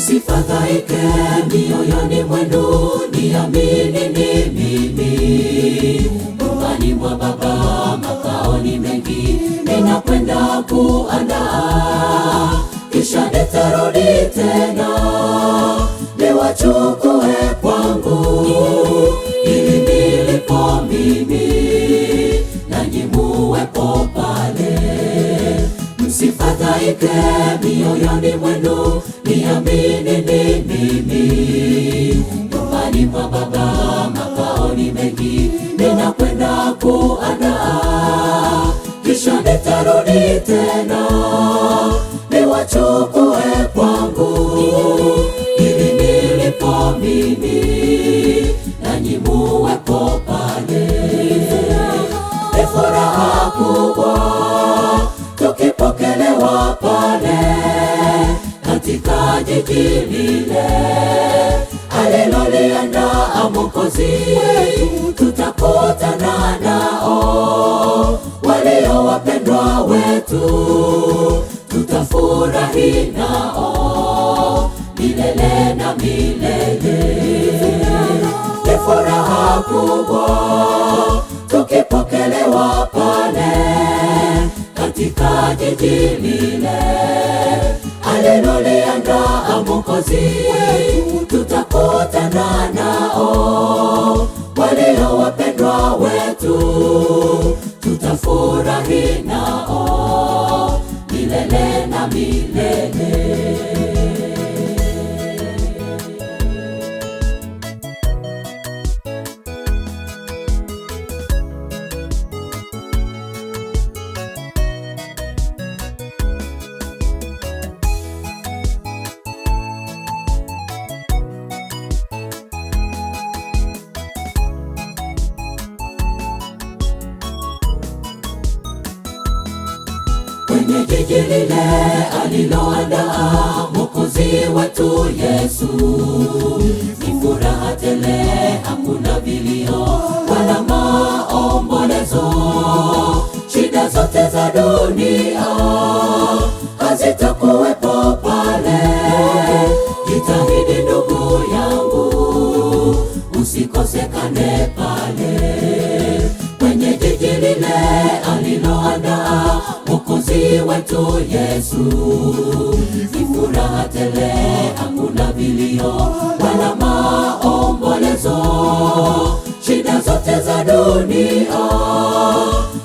Msifadhaike mioyoni mwenu, niamini ni mimi. Nyumbani mwa Baba makao ni mengi, ninakwenda kuandaa, kisha nitarudi tena niwachukue Niandike mioyoni mwenu, niamini ni mimi. Nyumbani mwa Baba makao ni mengi, ninakwenda kuandaa, kisha nitarudi tena niwacho tuone katika jiji lile aliloliandaa Mwokozi wetu, tutakutana nao walio wapendwa wetu, tutafurahi nao milele na milele. Ni furaha kubwa tukipokelewa katika jiji lile. Haleluya, nga Mwokozi wetu tutakutana na kwenye jiji lile aliloandaa Mwokozi wetu Yesu. Ni furaha tele, hakuna vilio wala maombolezo, shida zote za dunia mwito Yesu, ni furaha tele, hakuna vilio wala maombolezo. Shida zote za dunia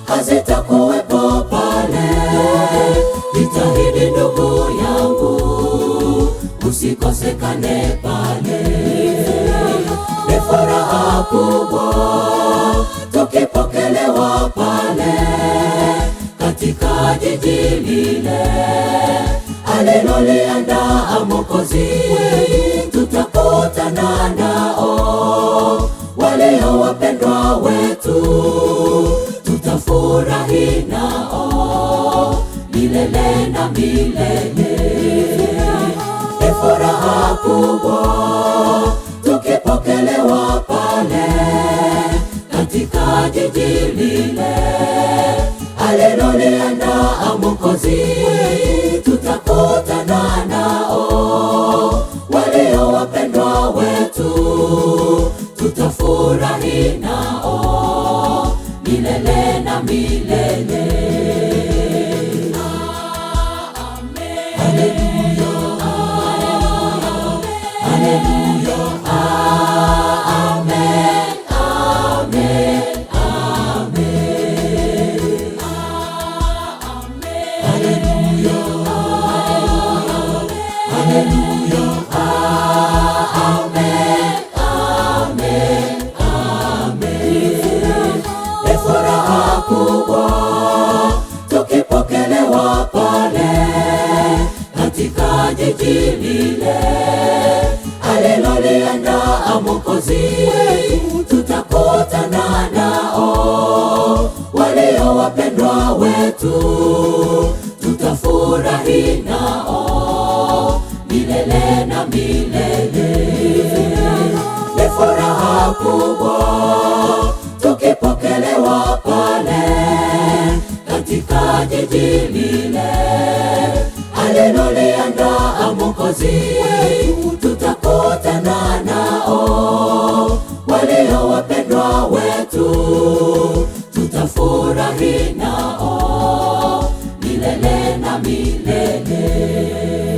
hazitakuwepo pale. Jitahidi ndugu yangu, usikosekane pale, ni furaha kubwa katika jiji lile aliloliandaa Mwokozi wetu, tutakutana nao walio wapendwa wetu, tutafurahi nao milele na milele. Ni furaha kubwa wakati tutakutana nao, walio wapendwa wetu tutafurahi nao milele na milele. katika jiji lile aliloliandaa Mwokozi wetu, tutakutana nao walio wapendwa wetu, tutafurahi nao milele na milele. Ni furaha kubwa tukipokelewa pale katika jiji lile aliloliandaa Mwokozi wetu tutakutana nao, walio wapendwa wetu tutafurahi nao milele na milele.